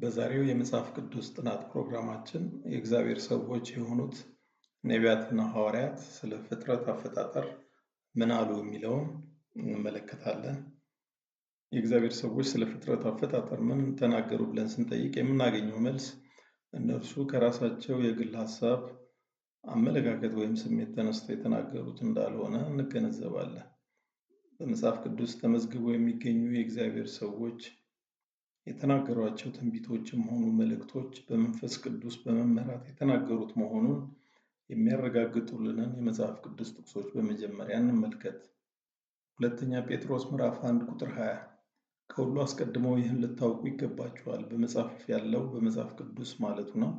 በዛሬው የመጽሐፍ ቅዱስ ጥናት ፕሮግራማችን የእግዚአብሔር ሰዎች የሆኑት ነቢያትና ሐዋርያት ስለ ፍጥረት አፈጣጠር ምን አሉ የሚለውን እንመለከታለን። የእግዚአብሔር ሰዎች ስለ ፍጥረት አፈጣጠር ምን ተናገሩ ብለን ስንጠይቅ የምናገኘው መልስ እነርሱ ከራሳቸው የግል ሀሳብ፣ አመለካከት ወይም ስሜት ተነስተው የተናገሩት እንዳልሆነ እንገነዘባለን። በመጽሐፍ ቅዱስ ተመዝግበው የሚገኙ የእግዚአብሔር ሰዎች የተናገሯቸው ትንቢቶችም ሆኑ መልእክቶች በመንፈስ ቅዱስ በመመራት የተናገሩት መሆኑን የሚያረጋግጡልንን የመጽሐፍ ቅዱስ ጥቅሶች በመጀመሪያ እንመልከት። ሁለተኛ ጴጥሮስ ምዕራፍ 1 ቁጥር 20 ከሁሉ አስቀድመው ይህን ልታውቁ ይገባችኋል፣ በመጽሐፍ ያለው በመጽሐፍ ቅዱስ ማለቱ ነው።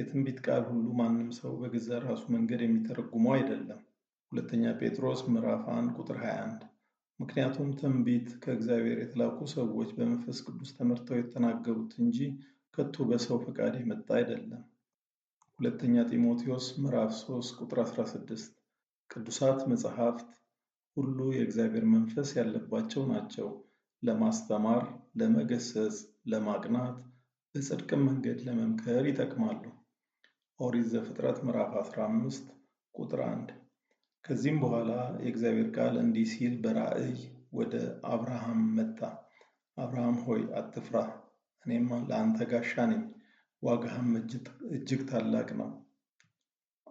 የትንቢት ቃል ሁሉ ማንም ሰው በገዛ ራሱ መንገድ የሚተረጉመው አይደለም። ሁለተኛ ጴጥሮስ ምዕራፍ 1 ቁጥር 21 ምክንያቱም ትንቢት ከእግዚአብሔር የተላኩ ሰዎች በመንፈስ ቅዱስ ተመርተው የተናገሩት እንጂ ከቶ በሰው ፈቃድ የመጣ አይደለም። ሁለተኛ ጢሞቴዎስ ምዕራፍ 3 ቁጥር 16 ቅዱሳት መጽሐፍት ሁሉ የእግዚአብሔር መንፈስ ያለባቸው ናቸው፣ ለማስተማር፣ ለመገሰጽ፣ ለማቅናት፣ በጽድቅም መንገድ ለመምከር ይጠቅማሉ። ኦሪት ዘፍጥረት ምዕራፍ 15 ቁጥር 1 ከዚህም በኋላ የእግዚአብሔር ቃል እንዲህ ሲል በራእይ ወደ አብርሃም መጣ። አብርሃም ሆይ አትፍራ፣ እኔም ለአንተ ጋሻ ነኝ፣ ዋጋህም እጅግ ታላቅ ነው።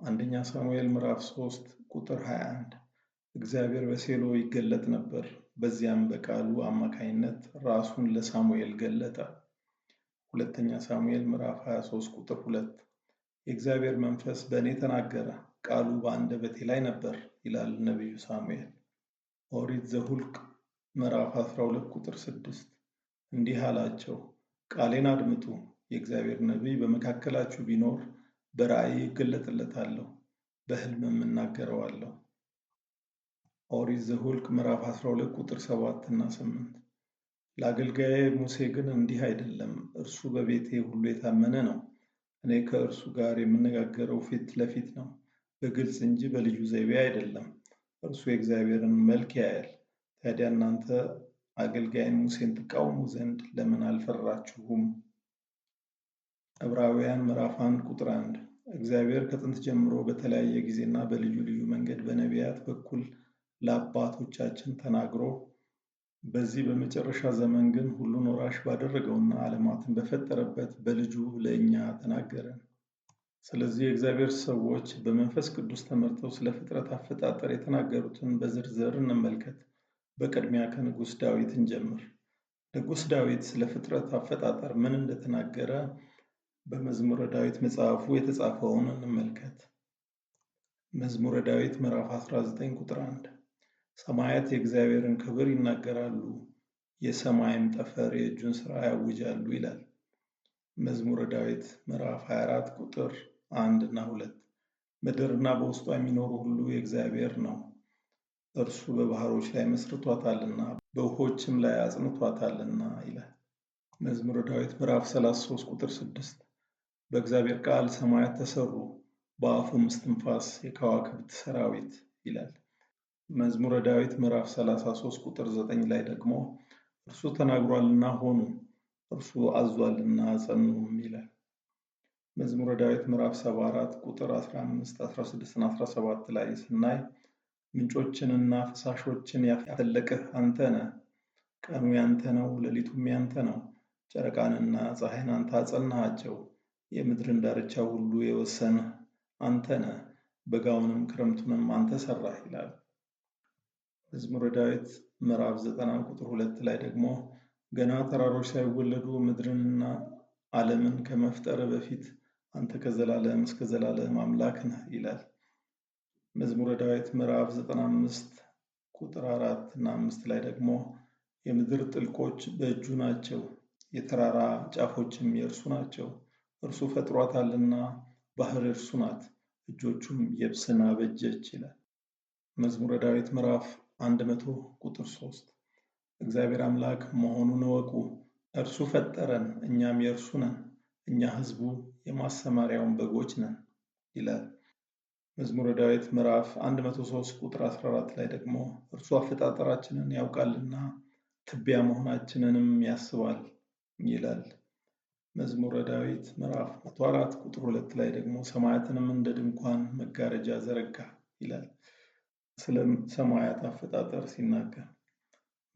አንደኛ ሳሙኤል ምዕራፍ 3 ቁጥር 21። እግዚአብሔር በሴሎ ይገለጥ ነበር። በዚያም በቃሉ አማካይነት ራሱን ለሳሙኤል ገለጠ። ሁለተኛ ሳሙኤል ምዕራፍ 23 ቁጥር 2። የእግዚአብሔር መንፈስ በእኔ ተናገረ ቃሉ በአንደበቴ ላይ ነበር ይላል ነቢዩ ሳሙኤል። ኦሪት ዘሁልቅ ምዕራፍ 12 ቁጥር 6 እንዲህ አላቸው፣ ቃሌን አድምጡ፣ የእግዚአብሔር ነቢይ በመካከላችሁ ቢኖር በራእይ ይገለጥለታለሁ፣ በሕልምም እናገረዋለሁ። ኦሪት ዘሁልቅ ምዕራፍ 12 ቁጥር 7 እና 8 ለአገልጋዬ ሙሴ ግን እንዲህ አይደለም፣ እርሱ በቤቴ ሁሉ የታመነ ነው፣ እኔ ከእርሱ ጋር የምነጋገረው ፊት ለፊት ነው፣ በግልጽ እንጂ በልዩ ዘይቤ አይደለም፤ እርሱ የእግዚአብሔርን መልክ ያያል። ታዲያ እናንተ አገልጋይን ሙሴን ትቃወሙ ዘንድ ለምን አልፈራችሁም? ዕብራውያን ምዕራፍ 1 ቁጥር 1 እግዚአብሔር ከጥንት ጀምሮ በተለያየ ጊዜና በልዩ ልዩ መንገድ በነቢያት በኩል ለአባቶቻችን ተናግሮ በዚህ በመጨረሻ ዘመን ግን ሁሉን ወራሽ ባደረገውና ዓለማትን በፈጠረበት በልጁ ለእኛ ተናገረን። ስለዚህ የእግዚአብሔር ሰዎች በመንፈስ ቅዱስ ተመርተው ስለ ፍጥረት አፈጣጠር የተናገሩትን በዝርዝር እንመልከት። በቅድሚያ ከንጉሥ ዳዊት እንጀምር። ንጉሥ ዳዊት ስለ ፍጥረት አፈጣጠር ምን እንደተናገረ በመዝሙረ ዳዊት መጽሐፉ የተጻፈውን እንመልከት። መዝሙረ ዳዊት ምዕራፍ 19 ቁጥር 1 ሰማያት የእግዚአብሔርን ክብር ይናገራሉ፣ የሰማይም ጠፈር የእጁን ሥራ ያውጃሉ ይላል። መዝሙረ ዳዊት ምዕራፍ 24 ቁጥር አንድ እና ሁለት ምድርና በውስጧ የሚኖሩ ሁሉ የእግዚአብሔር ነው። እርሱ በባህሮች ላይ መስርቷታልና በውሆችም ላይ አጽንቷታልና ይላል መዝሙረ ዳዊት ምዕራፍ 33 ቁጥር 6 በእግዚአብሔር ቃል ሰማያት ተሰሩ በአፉም እስትንፋስ የከዋክብት ሰራዊት ይላል። መዝሙረ ዳዊት ምዕራፍ 33 ቁጥር 9 ላይ ደግሞ እርሱ ተናግሯልና ሆኑ፣ እርሱ አዟልና ጸኑም ይላል። መዝሙረ ዳዊት ምዕራፍ 74 ቁጥር 15፣ 16 እና 17 ላይ ስናይ ምንጮችንና ፈሳሾችን ያፈለቅህ አንተ ነህ፣ ቀኑ ያንተ ነው፣ ሌሊቱም ያንተ ነው። ጨረቃንና ፀሐይን አንተ አጸናሃቸው፣ የምድርን ዳርቻ ሁሉ የወሰንህ አንተ ነህ፣ በጋውንም ክረምቱንም አንተ ሰራህ ይላል። መዝሙረ ዳዊት ምዕራፍ 90 ቁጥር 2 ላይ ደግሞ ገና ተራሮች ሳይወለዱ ምድርንና ዓለምን ከመፍጠር በፊት አንተ ከዘላለም እስከ ዘላለም አምላክ ነህ ይላል። መዝሙረ ዳዊት ምዕራፍ 95 ቁጥር 4 እና 5 ላይ ደግሞ የምድር ጥልቆች በእጁ ናቸው፣ የተራራ ጫፎችም የእርሱ ናቸው። እርሱ ፈጥሯታልና ባህር እርሱ ናት፣ እጆቹም የብስን አበጀች ይላል። መዝሙረ ዳዊት ምዕራፍ 100 ቁጥር 3 እግዚአብሔር አምላክ መሆኑን እወቁ፣ እርሱ ፈጠረን፣ እኛም የእርሱ ነን፣ እኛ ሕዝቡ የማሰማሪያውን በጎች ነን ይላል። መዝሙረ ዳዊት ምዕራፍ 103 ቁጥር 14 ላይ ደግሞ እርሱ አፈጣጠራችንን ያውቃልና ትቢያ መሆናችንንም ያስባል ይላል። መዝሙረ ዳዊት ምዕራፍ 104 ቁጥር 2 ላይ ደግሞ ሰማያትንም እንደ ድንኳን መጋረጃ ዘረጋ ይላል። ስለ ሰማያት አፈጣጠር ሲናገር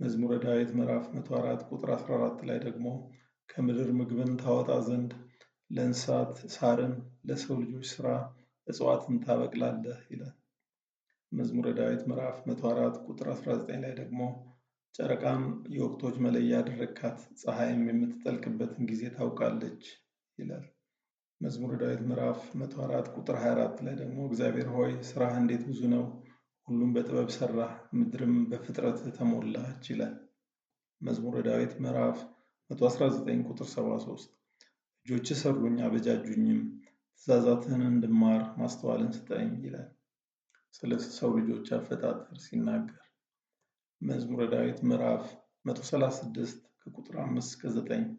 መዝሙረ ዳዊት ምዕራፍ 104 ቁጥር 14 ላይ ደግሞ ከምድር ምግብን ታወጣ ዘንድ ለእንስሳት ሳርን ለሰው ልጆች ስራ እጽዋትን ታበቅላለህ ይላል። መዝሙረ ዳዊት ምዕራፍ 104 ቁጥር 19 ላይ ደግሞ ጨረቃም የወቅቶች መለያ አደረግካት፣ ፀሐይም የምትጠልቅበትን ጊዜ ታውቃለች ይላል። መዝሙረ ዳዊት ምዕራፍ 104 ቁጥር 24 ላይ ደግሞ እግዚአብሔር ሆይ ስራህ እንዴት ብዙ ነው፣ ሁሉም በጥበብ ሰራ ምድርም በፍጥረት ተሞላች ይላል። መዝሙረ ዳዊት ምዕራፍ 119 ቁጥር 73 ልጆች ሰሩኝ አበጃጁኝም፣ ትእዛዛትህን እንድማር ማስተዋልን ስጠኝ ይላል። ስለ ሰው ልጆች አፈጣጠር ሲናገር መዝሙረ ዳዊት ምዕራፍ 136 ከቁጥር 5 እስከ 9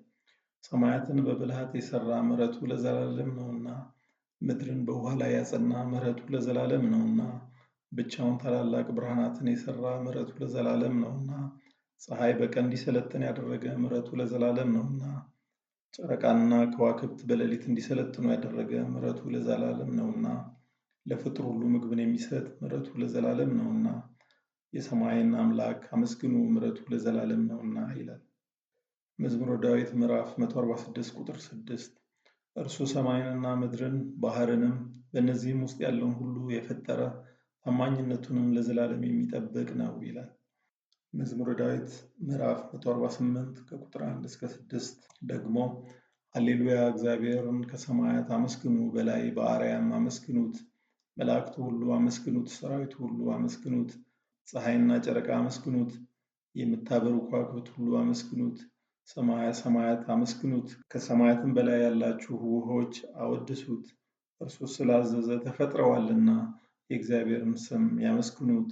ሰማያትን በብልሃት የሰራ ምሕረቱ ለዘላለም ነውና ምድርን በውሃ ላይ ያጸና ምሕረቱ ለዘላለም ነውና ብቻውን ታላላቅ ብርሃናትን የሰራ ምሕረቱ ለዘላለም ነውና ፀሐይ በቀን እንዲሰለጥን ያደረገ ምሕረቱ ለዘላለም ነውና ጨረቃና ከዋክብት በሌሊት እንዲሰለጥኑ ያደረገ ምሕረቱ ለዘላለም ነውና፣ ለፍጡር ሁሉ ምግብን የሚሰጥ ምሕረቱ ለዘላለም ነውና፣ የሰማይን አምላክ አመስግኑ ምሕረቱ ለዘላለም ነውና ይላል። መዝሙረ ዳዊት ምዕራፍ 146 ቁጥር 6 እርሱ ሰማይንና ምድርን ባህርንም በእነዚህም ውስጥ ያለውን ሁሉ የፈጠረ ታማኝነቱንም ለዘላለም የሚጠብቅ ነው ይላል። መዝሙረ ዳዊት ምዕራፍ 148 ከቁጥር 1 እስከ 6 ደግሞ ሃሌሉያ እግዚአብሔርን ከሰማያት አመስግኑ፣ በላይ በአርያም አመስግኑት፣ መላእክቱ ሁሉ አመስግኑት፣ ሰራዊቱ ሁሉ አመስግኑት፣ ፀሐይና ጨረቃ አመስግኑት፣ የምታበሩ ከዋክብት ሁሉ አመስግኑት፣ ሰማያ ሰማያት አመስግኑት፣ ከሰማያትም በላይ ያላችሁ ውሆች አወድሱት፣ እርሱ ስላዘዘ ተፈጥረዋልና የእግዚአብሔርን ስም ያመስግኑት።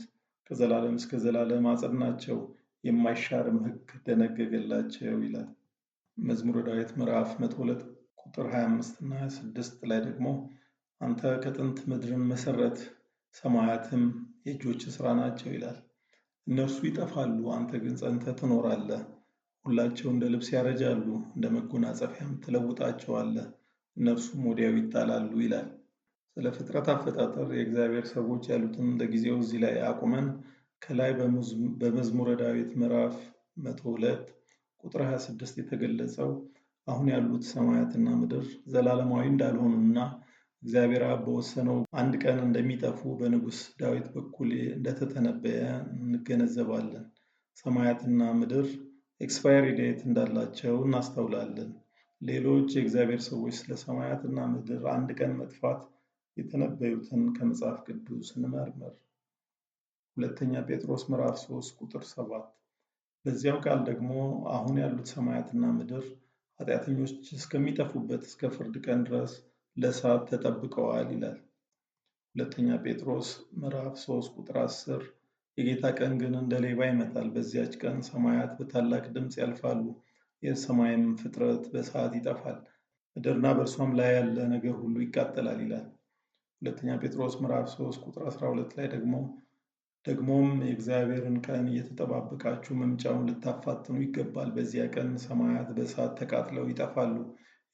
ከዘላለም እስከ ዘላለም አጽድ ናቸው፣ የማይሻርም ሕግ ደነገገላቸው ይላል። መዝሙረ ዳዊት ምዕራፍ 102 ቁጥር 25 እና 26 ላይ ደግሞ አንተ ከጥንት ምድርን መሰረት ሰማያትም የእጆች ስራ ናቸው ይላል። እነርሱ ይጠፋሉ፣ አንተ ግን ጸንተ ትኖራለህ። ሁላቸው እንደ ልብስ ያረጃሉ፣ እንደ መጎናጸፊያም ትለውጣቸዋለህ፣ እነርሱም ወዲያው ይጣላሉ ይላል። ስለ ፍጥረት አፈጣጠር የእግዚአብሔር ሰዎች ያሉትን ለጊዜው እዚህ ላይ አቁመን ከላይ በመዝሙረ ዳዊት ምዕራፍ 102 ቁጥር 26 የተገለጸው አሁን ያሉት ሰማያትና ምድር ዘላለማዊ እንዳልሆኑና እግዚአብሔር አብ በወሰነው አንድ ቀን እንደሚጠፉ በንጉሥ ዳዊት በኩል እንደተተነበየ እንገነዘባለን። ሰማያትና ምድር ኤክስፓየሪ ዴት እንዳላቸው እናስተውላለን። ሌሎች የእግዚአብሔር ሰዎች ስለ ሰማያትና ምድር አንድ ቀን መጥፋት የተነበዩትን ከመጽሐፍ ቅዱስ እንመርምር። ሁለተኛ ጴጥሮስ ምዕራፍ 3 ቁጥር 7 በዚያው ቃል ደግሞ አሁን ያሉት ሰማያትና ምድር ኃጢአተኞች እስከሚጠፉበት እስከ ፍርድ ቀን ድረስ ለእሳት ተጠብቀዋል ይላል። ሁለተኛ ጴጥሮስ ምዕራፍ 3 ቁጥር 10 የጌታ ቀን ግን እንደ ሌባ ይመጣል። በዚያች ቀን ሰማያት በታላቅ ድምፅ ያልፋሉ፣ የሰማይም ፍጥረት በእሳት ይጠፋል፣ ምድርና በእርሷም ላይ ያለ ነገር ሁሉ ይቃጠላል ይላል። ሁለተኛ ጴጥሮስ ምዕራፍ 3 ቁጥር 12 ላይ ደግሞ ደግሞም የእግዚአብሔርን ቀን እየተጠባበቃችሁ መምጫውን ልታፋጥኑ ይገባል። በዚያ ቀን ሰማያት በእሳት ተቃጥለው ይጠፋሉ፣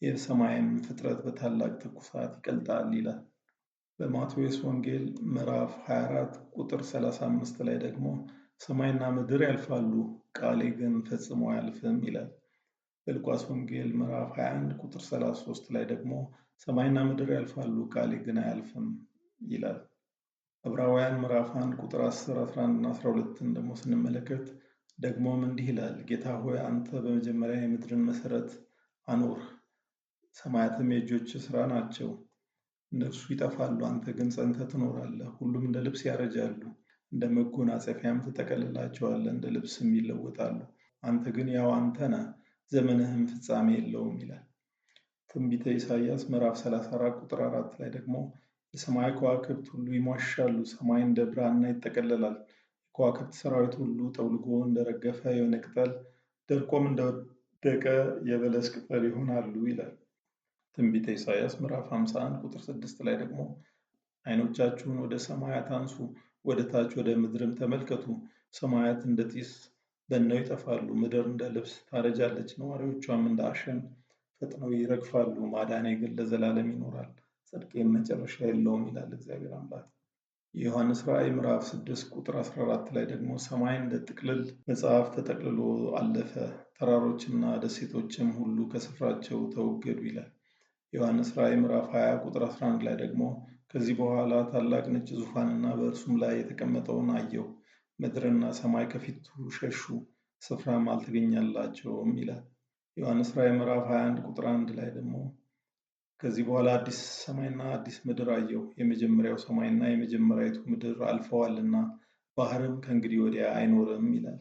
የሰማይም ፍጥረት በታላቅ ትኩሳት ይቀልጣል ይላል። በማቴዎስ ወንጌል ምዕራፍ 24 ቁጥር 35 ላይ ደግሞ ሰማይና ምድር ያልፋሉ፣ ቃሌ ግን ፈጽሞ አያልፍም ይላል። በሉቃስ ወንጌል ምዕራፍ 21 ቁጥር 33 ላይ ደግሞ ሰማይና ምድር ያልፋሉ ቃሌ ግን አያልፍም ይላል። ዕብራውያን ምዕራፍ 1 ቁጥር 10፣ 11 እና 12 ደግሞ ስንመለከት ደግሞም እንዲህ ይላል፣ ጌታ ሆይ አንተ በመጀመሪያ የምድርን መሰረት አኖር ሰማያትም የእጆች ስራ ናቸው። እነርሱ ይጠፋሉ፣ አንተ ግን ጸንተ ትኖራለህ። ሁሉም እንደ ልብስ ያረጃሉ፣ እንደ መጎናጸፊያም ትጠቀልላቸዋለህ፣ እንደ ልብስም ይለወጣሉ። አንተ ግን ያው አንተ ነህ፣ ዘመንህም ፍጻሜ የለውም ይላል። ትንቢተ ኢሳይያስ ምዕራፍ 34 ቁጥር 4 ላይ ደግሞ የሰማይ ከዋክብት ሁሉ ይሟሻሉ፣ ሰማይ እንደ ብራና ይጠቀለላል፣ የከዋክብት ሰራዊት ሁሉ ጠውልጎ እንደረገፈ የሆነ ቅጠል ደርቆም እንደወደቀ የበለስ ቅጠል ይሆናሉ ይላል። ትንቢተ ኢሳይያስ ምዕራፍ 51 ቁጥር 6 ላይ ደግሞ ዓይኖቻችሁን ወደ ሰማያት አንሱ፣ ወደ ታች ወደ ምድርም ተመልከቱ። ሰማያት እንደ ጢስ በነው ይጠፋሉ፣ ምድር እንደ ልብስ ታረጃለች፣ ነዋሪዎቿም እንደ አሸን ፈጥነው ይረግፋሉ፣ ማዳኔ ግን ለዘላለም ይኖራል፣ ጽድቄም መጨረሻ የለውም ይላል እግዚአብሔር አምላክ። የዮሐንስ ራእይ ምዕራፍ 6 ቁጥር 14 ላይ ደግሞ ሰማይ እንደ ጥቅልል መጽሐፍ ተጠቅልሎ አለፈ፣ ተራሮችና ደሴቶችም ሁሉ ከስፍራቸው ተወገዱ ይላል። የዮሐንስ ራእይ ምዕራፍ 20 ቁጥር 11 ላይ ደግሞ ከዚህ በኋላ ታላቅ ነጭ ዙፋንና በእርሱም ላይ የተቀመጠውን አየሁ፣ ምድርና ሰማይ ከፊቱ ሸሹ፣ ስፍራም አልተገኛላቸውም ይላል። ዮሐንስ ራዕይ ምዕራፍ 21 ቁጥር 1 ላይ ደግሞ ከዚህ በኋላ አዲስ ሰማይና አዲስ ምድር አየሁ፣ የመጀመሪያው ሰማይና የመጀመሪያዊቱ ምድር አልፈዋልና ባህርም ከእንግዲህ ወዲያ አይኖርም ይላል።